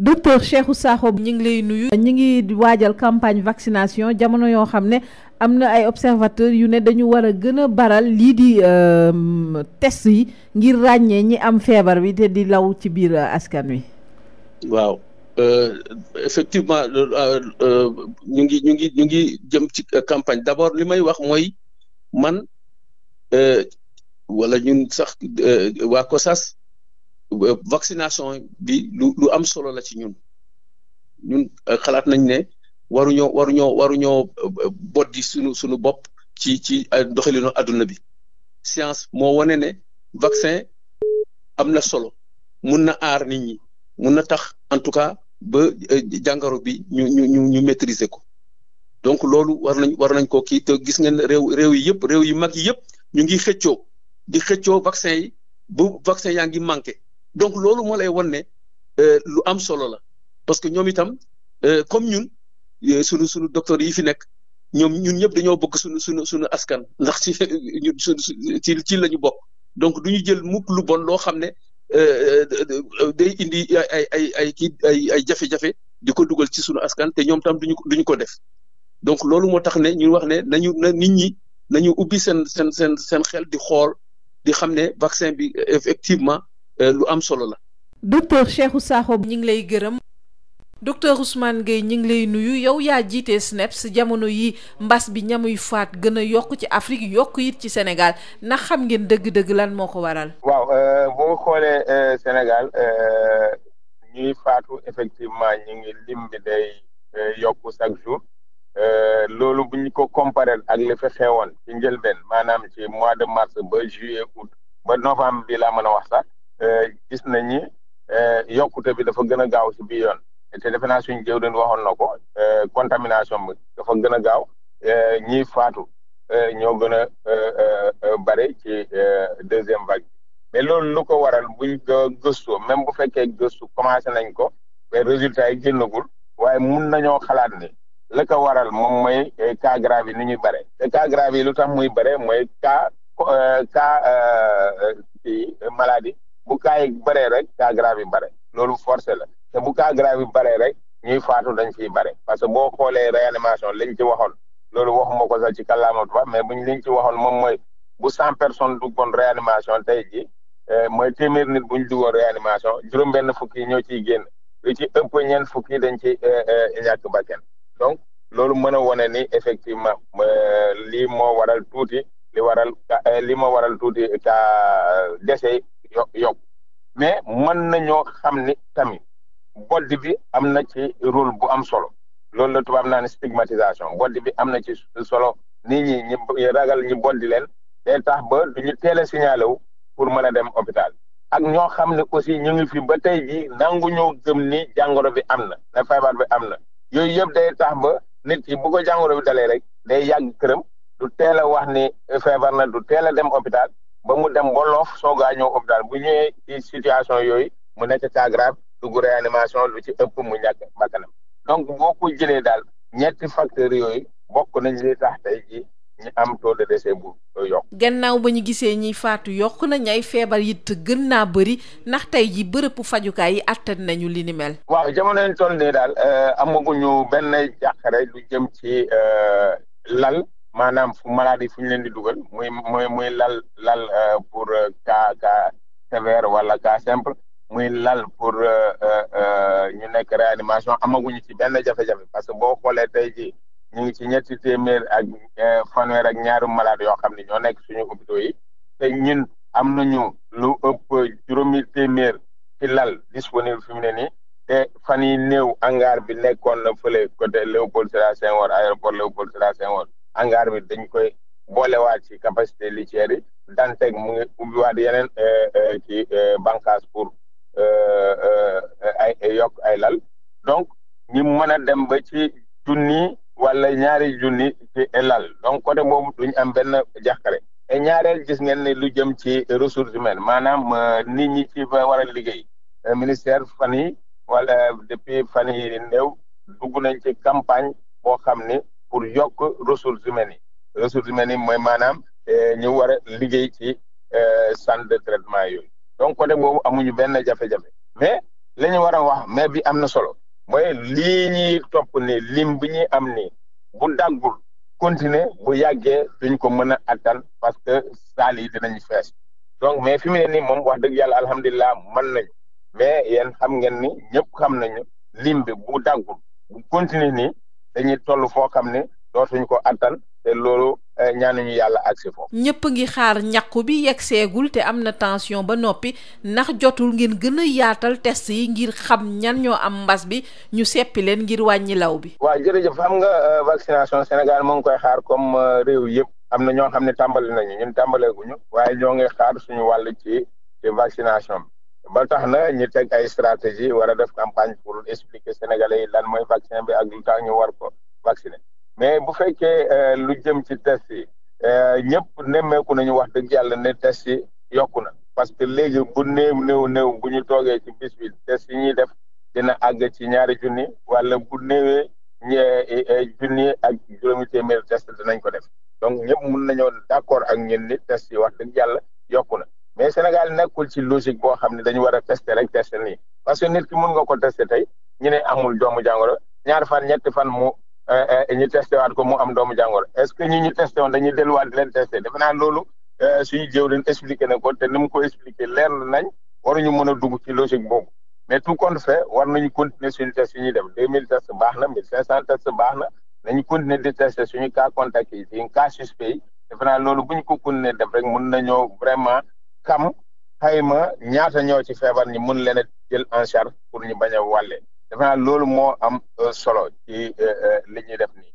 docteur Cheikhou Sakho ñu ngi lay nuyu. ñu ngi waajal campagne vaccination jamono yoo xam ne am na ay observateurs yu ne dañu war a gën a baral lii di euh, test yi ngir ràññee ñi am feebar bi te di law ci biir euh, askan wi. waaw euh, effectivement ñu ngi ñu ngi ñu ngi jëm ci campagne d'abord li may wax mooy man wala ñun sax waa COSAS. Euh, vaccination bi lu lu am solo la ci ñun ñun euh, xalaat nañ ne waruñoo waruñoo waruñoo euh, boddi suñu suñu bopp ci ci doxalinu adduna bi science moo wane ne vaccin am na solo mun na aar nit ñi na tax en tout cas ba jàngoro bi ñu ñu ñu ñu maîtriser ko donc loolu war nañ war nañ ko kii te gis ngeen réew réew yi yëpp réew yu mag yi yëpp ñu ngi xëccoo di xëccoo vaccin yi bu vaccin yaa ngi manqué. donc loolu mo lay wan ne e euh, lu am solo la parce que ñoom itam euh, comme ñun euh, sunu sunu docteur yi fi nekk ñoom ñun ñëpp dañoo bokk sunu sunu sunu askan ndax ci ñun ci ci la ñu bokk donc du ñu jël mukk lu bon loo xam ne e day indi ay ay ay kii ay ay jafe di ko dugal ci sunu askan te ñoom tam duñu ko duñu ko def donc loolu moo tax ne ñu wax ne nañu na nit ñi nañu ubbi seen sen seen seen xel di xool di xam ne vaccin bi effectivement. Euh, lu am solo la. docteur Cheikhou Sakho ñu ngi lay gërëm. docteur Ousmane Gueye ñu ngi lay nuyu yow yaa jiite SNEPS jamono yi mbas bi ñamuy faat gën a yokk ci Afrique yokk yit ci senegal ndax xam ngeen dëgg-dëgg lan moo ko waral. waaw euh, boo xoolee euh, Sénégal ñuy faatu effectivement ñu ngi lim bi day yokk chaque jour loolu bu ñu ko comparé ak li fi xewoon ci benn maanaam ci mois de mars ba juillet août ba novembre bi laa mën a wax sax. Eh, gis nañ ni eh, yokkute bi dafa gën a gaaw si biir yoon te defe naa waxoon na ko eh, contamination bi dafa gën a gaaw ñiy faatu ñoo gën a bare ci deuxième vague mais loolu lu ko waral buñ gëstu même bu fekkee gëstu commencé nañ ko mais résultat yi génnagul waaye mun nañoo xalaat ni la ko waral moom mooy cas grave yi ni ñuy bare te cas grave yi tax muy bare mooy cas cas ci maladi bu cas yi bëree rek cas grave yi bare loolu forcé la te bu cas grave yi bare rek ñuy faatu dañ fiy bare parce que boo xoolee réanimation liñ ci waxoon loolu waxuma ko sax ci kàllaama tubaab mais buñ liñ ci waxoon moom mooy bu cent personnes duggoon réanimation tey ji eh, mooy téeméer nit buñ duggoon réanimation juróom-benn fukki ñoo ciy génn lu ci ëpp ñeent fukki dañ ci eh, eh, ñàkk baken donc loolu mën a wane ni effectivement lii moo waral tuuti li waral li moo waral tuuti cas décès yo yob mais mën nañoo xam ni tamit bodd bi am na ci rôle bu am solo loolu la tubaab naa ne stigmatisation bodd bi am na ci solo nit ñi ñi ragal ñi boddi leen day tax ba du ñu teel a signalé pour mën a dem hôpital ak ñoo xam ne aussi ñu ngi fi ba tey jii nangu ñoo gëm ni jàngoro bi am na ne feebar bi am na yooyu yëpp da tax ba nit ki bu ko jàngoro bi dalee rek day yàgg këram du teel a wax ni feebar na du teel a dem hôpital ba mu dem ba loof soog a ñëw hôpital bu ñëwee ci situation yooyu mu nekk cas grave dugg réanimation lu ci ëpp mu ñàkk bakkanam donc boo ko jëlee daal ñetti facteurs yooyu bokk nañ li tax ji ñu am taux de décès bu yokk gannaaw ba ñu gisee ñi faatu yokk na ñay feebar it gën naa bëri ndax tey ji bërëb fajukaay yi attan nañu li ni mel. waaw jamono ñu toll nii daal euh, amaguñu benn jàqare lu jëm ci euh, lal. maanaam fu maladi fu ñu leen di dugal muy muy muy lal lal euh, pour ka euh, ka sévère wala ka simple muy lal pour euh, ñu nekk réanimation amaguñu ci benn jafe-jafe parce que boo xoolee tey jii ñu ngi ci ñetti téeméer ak fanweer ak ñaaru malade yoo xam ne ñoo nekk suñu hôpitaux yi te ñun am ñu lu ëpp juróomi téeméer lal disponible fi mu ne nii te fan yi néew hangar bi nekkoon na fële côté Léopold Sédar Senghor aéroport Léopold Sédar hangar bi dañ koy boolewaat ci capacité laitière yi Dantec mu ngi ubbiwaat yeneen euh, euh, ci euh, bànqaas pour ay yokk ay lal donc ñi mën a dem ba ci junni wala ñaari junni ci lal donc côté boobu duñ am benn jàkkare te ñaareel gis ngeen ne lu jëm ci ressources humaines maanaam nit ñi ci fa war a liggéey ministère fan yi wala depuis fan yi néew dugg nañ ci campagne boo xam ni pour yokk ressources humaines yi ressources humaines yi mooy maanaam eh, ñu war a liggéey ci eh, centre de traitement yooyu donc côté boobu amuñu benn jafe-jafe mais li ñu war a wax mais bi am na solo mooy lii ñuy topp ni lim bi ñuy am nii bu daggul continuer bu yàggee duñ ko mën a attan parce que saal yi dinañ fees donc mais fi mu ne nii moom wax dëgg yàlla alhamdulilah mën nañu mais yéen xam ngeen ni ñëpp xam nañu lim bi bu bu continuer nii dañuy toll foo xam ne dootuñ ko attal te loolu eh, ñaanuñu yàlla agsi foofu. ñëpp ngi xaar ñàkku bi yegg seegul te am na tension ba noppi ndax jotul ngeen gën a yaatal test yi ngir xam ñan ñoo am mbas bi ñu seppi leen ngir wàññi law bi. waaw jërëjëf xam nga eh, vaccination Sénégal mu ngi koy xaar comme eh, réew yëpp am na ñoo xam ne tàmbali nañu ñun ñu waaye ñoo ngi xaar suñu wàll ci ci vaccination bi. ba tax na ñu teg ay stratégie wala def campagne pour expliquer sénégalais yi lan mooy vaccin bi ak lu tax ñu war ko vacciner mais bu fekkee euh, lu jëm ci test yi euh, ñëpp nemmeeku nañu wax dëgg yàlla ne test yi yokku na parce que léegi bu néew néew néew bu ñu toogee ci bis bi test yi ñuy def dina àgg ci ñaari junni wala bu néewee ñe e, e, junni ak juróomi téeméeri test dinañ ko def donc ñëpp mun nañoo d'accord ak ñen ni test yi wax dëgg yàlla yokku na mais Sénégal nekkul ci logique boo xam ne dañu war a tester rek tester nii parce que nit ki mun nga ko tester tey ñu amul doomu jàngoro ñaar fan ñetti fan mu eh, eh, ñu teste waat ko mu am doomu jàngoro est-ce que ñi ñu testé woon dañuy delluwaat di leen testé defe naa loolu eh, suñu jëw leen expliqué na ko te ni mu ko expliqué leer nañ waruñu mën a dugg ci logique boobu mais tout compte fait war nañu continuer suñu test yi ñuy def deux mille tests baax na mille cinq cent tests baax na nañu continuer di tester suñu cas contact yi suñu cas naa loolu bu ñu ko continuer def rek mun nañoo vraiment kam xayma ñaata ñoo ci feebar ñi mun leen a jël en charge pour ñu bañ a wàlle defe naa loolu moo am euh, solo ci euh, euh, li ñuy def ni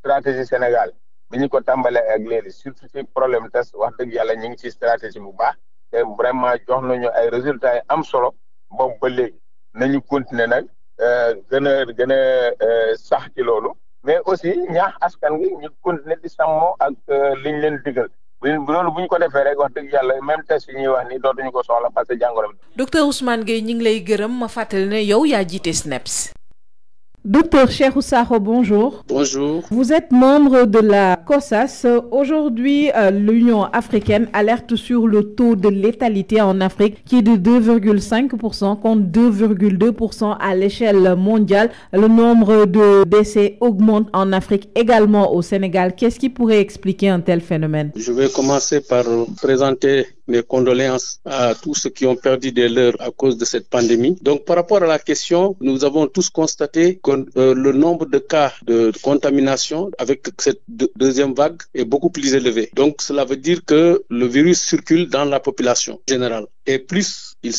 stratégie Sénégal bi ñu ko tàmbalee ak léegi surtout ci problème test wax dëgg yàlla ñu ngi ci stratégie bu baax te vraiment jox nañu ay résultats yi am solo boobu ba léegi nañu continuer nag gën a gën a sax ci loolu mais aussi ñaax askan gi ñu continuer di sàmmoo ak liñ leen digal bu loolu bu ñu ko defee rek wax dëgg yàlla même test yi ñuy wax ni dootuñu ko soxla parce que jàngoro bi. docteur Ousmane Gueye ñu ngi lay gërëm ma fàttali ne yow yaa jiite SNEPS. Docteur Cheikh Oussaro, bonjour. Bonjour. Vous êtes membre de la COSAS. Aujourd'hui, euh, l'Union africaine alerte sur le taux de létalité en Afrique qui est de 2,5% contre 2,2% à l'échelle mondiale. Le nombre de décès augmente en Afrique également au Sénégal. Qu'est-ce qui pourrait expliquer un tel phénomène Je vais commencer par présenter mes condoléances à tous ceux qui ont perdu des leurs à cause de cette pandémie. Donc par rapport à la question, nous avons que euh, le nombre de cas de contamination avec cette deuxième vague est beaucoup plus élevé. Donc cela veut dire que le virus circule dans la population générale. Et plus il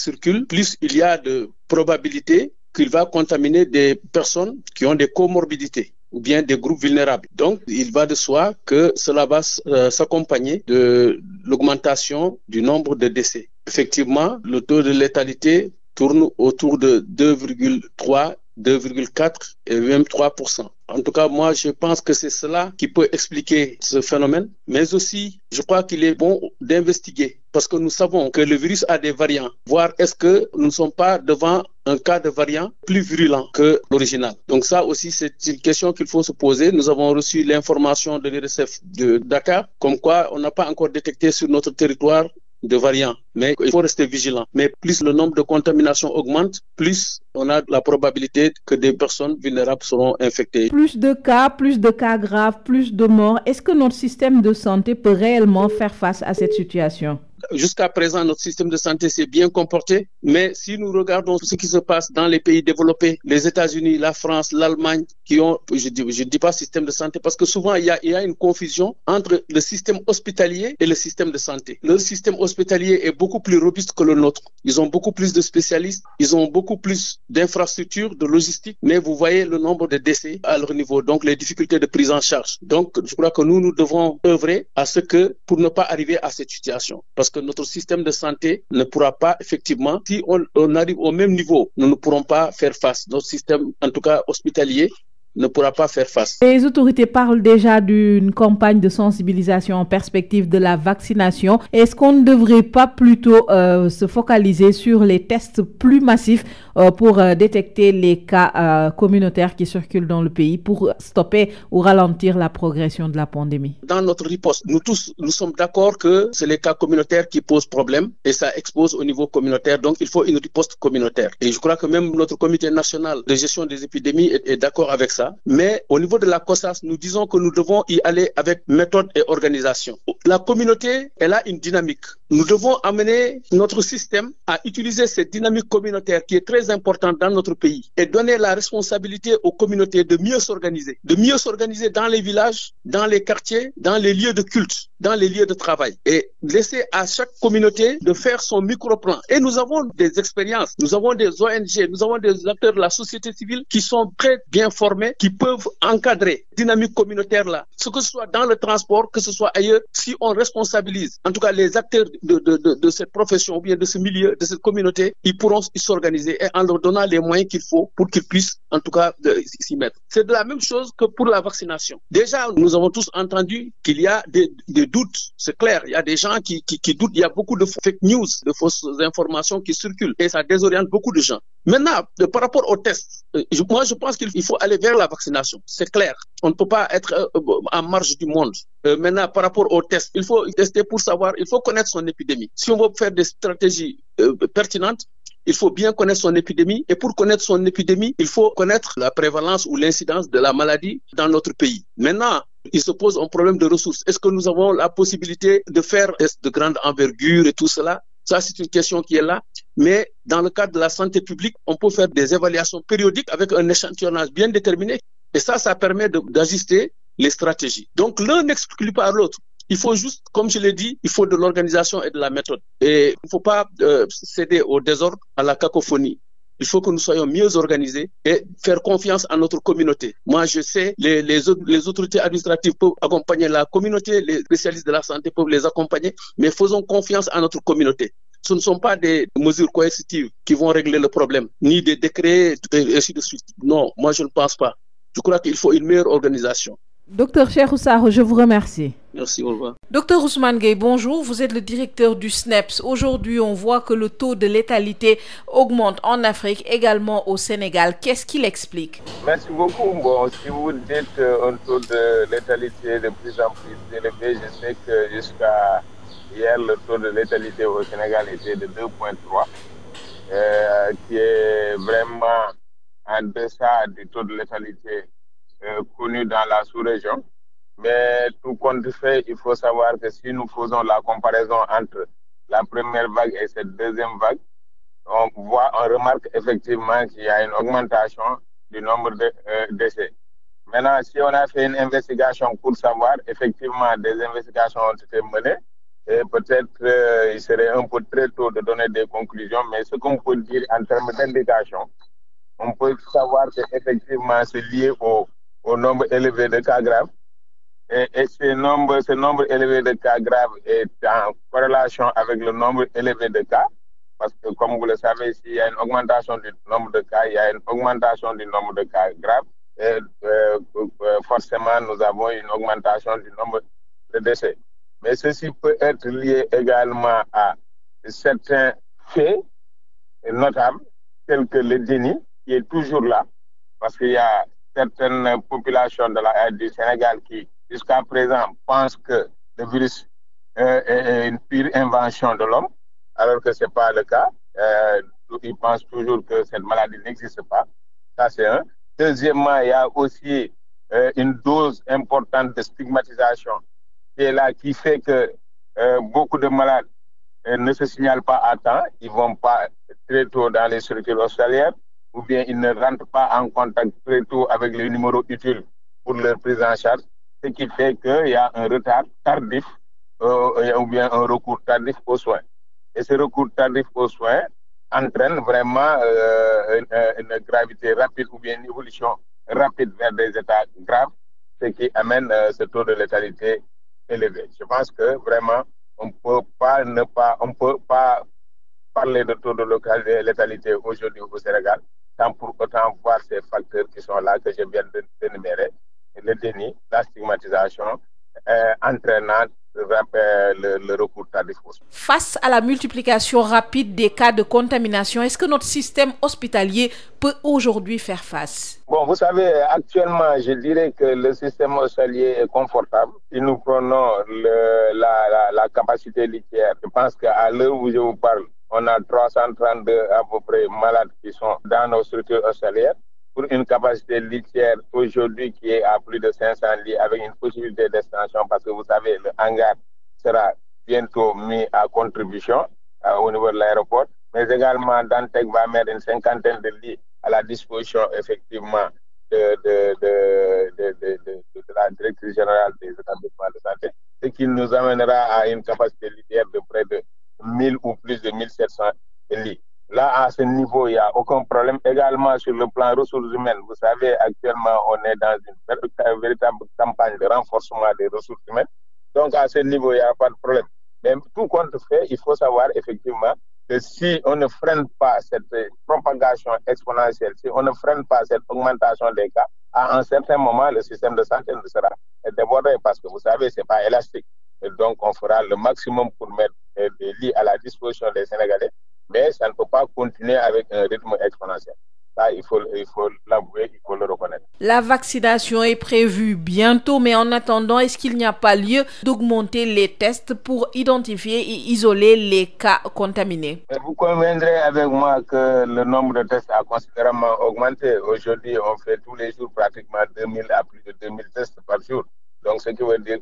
plus il y a de probabilité qu'il va contaminer des personnes qui ont des comorbidités ou bien des groupes vulnérables. Donc, il va de soi que cela va euh, s'accompagner de l'augmentation du nombre de décès. Effectivement, le taux de létalité tourne autour de 2,3 2,4 et même 3 En tout cas, moi, je pense que c'est cela qui peut expliquer ce phénomène. Mais aussi, je crois qu'il est bon d'investiguer parce que nous savons que le virus a des variants. Voir est-ce que nous ne sommes pas devant un cas de variant plus virulent que l'original. Donc ça aussi, c'est une question qu'il faut se poser. Nous avons reçu l'information de l'IRSF de Dakar, comme quoi on n'a pas encore détecté sur notre territoire de variants. Mais il faut rester vigilant. Mais plus le nombre de contaminations augmente, plus on a la probabilité que des personnes vulnérables seront infectées. Plus de cas, plus de cas graves, plus de morts. Est-ce que notre système de santé peut réellement faire face à cette situation? jusqu'à présent, notre système de santé s'est bien comporté, mais si nous regardons ce qui se passe dans les pays développés, les États-Unis, la France, l'Allemagne, qui ont, je ne dis, pas système de santé, parce que souvent il y, a, il y a une confusion entre le système hospitalier et le système de santé. Le système hospitalier est beaucoup plus robuste que le nôtre. Ils ont beaucoup plus de spécialistes, ils ont beaucoup plus d'infrastructures, de logistique, que notre système de santé ne pourra pas effectivement, si on, on arrive au même niveau, nous ne pourrons pas faire face. Notre système, en tout cas hospitalier, ne pourra pas faire face. Les autorités parlent déjà d'une campagne de sensibilisation en perspective de la vaccination. Est-ce qu'on ne devrait pas plutôt euh, se focaliser sur les tests plus massifs Euh, pour euh, détecter les cas euh, communautaires qui circulent dans le pays pour stopper ou ralentir la progression de la pandémie Dans notre riposte, nous tous, nous sommes d'accord que c'est les cas communautaires qui posent problème et ça expose au niveau communautaire. Donc, il faut une riposte communautaire. Et je crois que même notre comité national de gestion des épidémies est, est d'accord avec ça. Mais au niveau de la COSAS, nous disons que nous devons y aller Nous devons amener notre système à utiliser cette dynamique communautaire qui est très importante dans notre pays et donner la responsabilité aux communautés de mieux s'organiser, dans les villages, dans les quartiers, dans les lieux de culte dans les lieux de travail et laisser à chaque communauté de faire son micro-plan. Et nous avons des expériences, nous avons des ONG, nous avons des acteurs de la société civile qui sont très bien formés, qui peuvent encadrer dynamique communautaire là, ce que ce soit dans le transport, que ce soit ailleurs, si on responsabilise, en tout cas les acteurs de, de, de, de cette profession ou bien de ce milieu, de cette communauté, ils pourront s'organiser et en leur que pour la doutent, c'est clair. Il y a des gens qui, doutent. Il y a beaucoup de fake news, de fausses informations qui circulent et ça désoriente beaucoup de gens. Maintenant, par rapport aux tests, euh, moi je pense qu'il faut aller vers la vaccination, c'est clair. On ne peut pas être euh, euh, en marge du monde. Maintenant, par rapport aux tests, il faut tester pour savoir, il faut connaître son épidémie. Si on veut faire des stratégies pertinentes, il faut connaître la prévalence ou il se pose un problème de ressources. Est-ce que nous avons la possibilité de faire des tests de grande envergure et tout cela Ça, c'est une question qui est là. Mais dans le cadre de la santé publique, on peut faire des évaluations périodiques avec un échantillonnage bien déterminé. Et ça, permet d'ajuster les stratégies. Donc, l'un n'exclut pas l'autre. Il faut juste, comme je l'ai dit, il faut de l'organisation et de la méthode. Et il ne faut pas euh, céder au désordre, à l cacophonie. Il faut que nous soyons mieux organisés et faire confiance à notre communauté. Moi, je sais, les, les, les autorités administratives peuvent accompagner la communauté, les spécialistes de la santé peuvent les accompagner, mais faisons confiance à notre communauté ce ne sont pas des mesures coercitives qui vont régler le problème, ni des décrets, et ainsi de suite. Non, moi je ne pense pas. Je crois qu'il faut une meilleure organisation. Docteur Cheikh Oussaro, je vous remercie. Merci, au revoir. Gay, bonjour. Vous êtes le directeur du SNEPS. Aujourd'hui, on voit que le taux de létalité augmente en Afrique, également au Sénégal. Qu'est-ce qu'il explique si vous dites un taux de létalité de plus en plus élevé, je sais que jusqu'à hier, le taux de létalité au Sénégal était de euh, qui est vraiment en deçà du taux de létalité Euh, connue dans la sous-région. Mais tout compte fait, il faut savoir que si nous faisons la comparaison entre la première vague et cette deuxième vague, on voit, on remarque effectivement qu'il y a une augmentation du nombre de euh, décès. Maintenant, si on a fait une investigation pour savoir, effectivement, des investigations ont été menées, et peut-être euh, il serait un peu très tôt de donner des conclusions, mais ce qu'on peut dire en termes d'indication, on peut savoir au nombre élevé de cas graves. Et, et ce, nombre, ce nombre élevé de cas graves est en corrélation avec le nombre élevé de cas, parce que comme vous le savez, s'il y a une augmentation du nombre de cas, il y a une augmentation du nombre de cas graves, et euh, euh, forcément nous avons une augmentation du nombre de décès. Mais ceci peut être lié également à certains faits notables, tels que le déni, qui est toujours là, parce qu'il y a certaines populations de la, du Sénégal qui, jusqu'à présent, pensent que le virus euh, est une pure invention de l'homme, alors que ce n'est pas le cas. Euh, ils toujours que cette maladie n'existe pas. Ça, c'est un. Deuxièmement, il y a aussi euh, une dose importante de stigmatisation qui là, qui fait que euh, beaucoup de malades euh, ne se signalent pas à temps. Ils vont pas très tôt dans les structures hospitalières. ou bien ils ne rentrent pas en contact très tôt avec les numéros utiles pour leur prise en charge, ce qui fait qu'il y a un retard tardif euh, ou bien un recours tardif aux soins. Et ce recours tardif aux soins entraîne vraiment euh, une, euh, une, gravité rapide ou bien une évolution rapide vers des états graves, ce qui amène euh, ce taux de létalité élevé. Je pense que vraiment, on peut pas ne pas, on peut pas parler de taux de létalité aujourd'hui au Sénégal sans pour autant voir ces facteurs qui sont là, que je viens d'énumérer, le déni, la stigmatisation, euh, entraînant le, le, recours tardif. Face à la multiplication rapide des cas de contamination, est-ce que notre système hospitalier peut aujourd'hui faire face vous savez, actuellement, je dirais que le système hospitalier est confortable. Si nous prenons la, la, la capacité litière, je pense qu'à l'heure où je vous parle, on a 332 à peu près malades qui sont dans nos structures hospitalières pour une capacité litière aujourd'hui qui est à plus de 500 lits avec une possibilité d'extension parce que vous savez, le hangar sera bientôt mis à contribution euh, au niveau de l'aéroport. Mais également, Dantec va mettre une cinquantaine de lits à la disposition effectivement de, de, de, de la directrice générale des établissements de santé, ce qui nous amènera à une capacité litière 1000 ou plus de 1700 lits. Là, à ce niveau, il n'y a aucun problème. Également, sur le plan ressources humaines, vous savez, actuellement, on est dans une véritable campagne de renforcement des ressources humaines. Donc, à ce niveau, il a pas de problème. Mais tout compte fait, il faut savoir effectivement que si on ne freine pas cette propagation exponentielle, si on ne freine pas cette augmentation des cas, à un certain moment, le système de santé ne sera que pour mettre des lits à la disposition des Sénégalais, mais ça ne peut pas continuer avec un rythme exponentiel. il faut l'avouer, il faut le reconnaître. La vaccination est prévue bientôt, mais en attendant, est-ce qu'il n'y a pas lieu d'augmenter les tests pour identifier et isoler les cas contaminés? Vous conviendrez avec moi que le nombre de tests a considérablement Aujourd'hui, on fait tous les jours pratiquement à plus de tests par jour. Donc, ce qui veut dire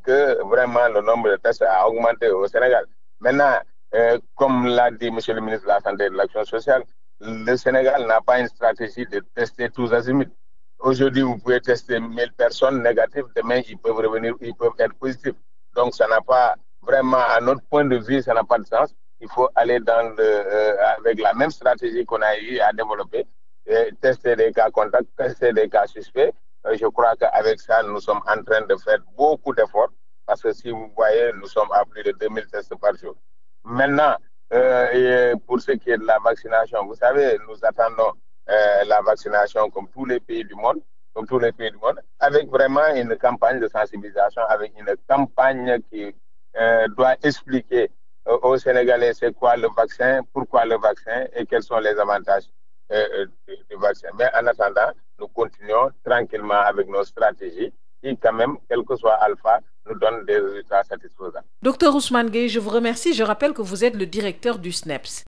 Maintenant, euh, comme l'a dit Monsieur le ministre de la Santé et de l'Action sociale, le Sénégal n'a pas une stratégie de tester tous azimuts. Aujourd'hui, vous pouvez tester 1000 personnes négatives, demain, ils peuvent revenir, ils peuvent être positifs. Donc, ça n'a pas vraiment, à notre point de vue, ça n'a pas de sens. Il faut aller dans le, euh, avec la même stratégie qu'on a eu à développer, et euh, tester des cas contacts, tester des cas suspects. je crois qu'avec ça, nous que si vous voyez, nous sommes à Maintenant, euh, pour ce qui est de la vaccination, vous savez, nous attendons euh, la vaccination comme tous les pays du monde, comme tous les pays du monde, avec vraiment une campagne de sensibilisation, avec une campagne qui euh, doit expliquer aux Sénégalais c'est quoi le vaccin, pourquoi le vaccin et quels sont les avantages euh, euh, du, du vaccin. Mais en attendant, nous continuons tranquillement avec nos stratégies qui, quand même, quel que soit Alpha, nous donne des résultats satisfaisants. Docteur Ousmane Gueye, je vous remercie. Je rappelle que vous êtes le directeur du SNEPS.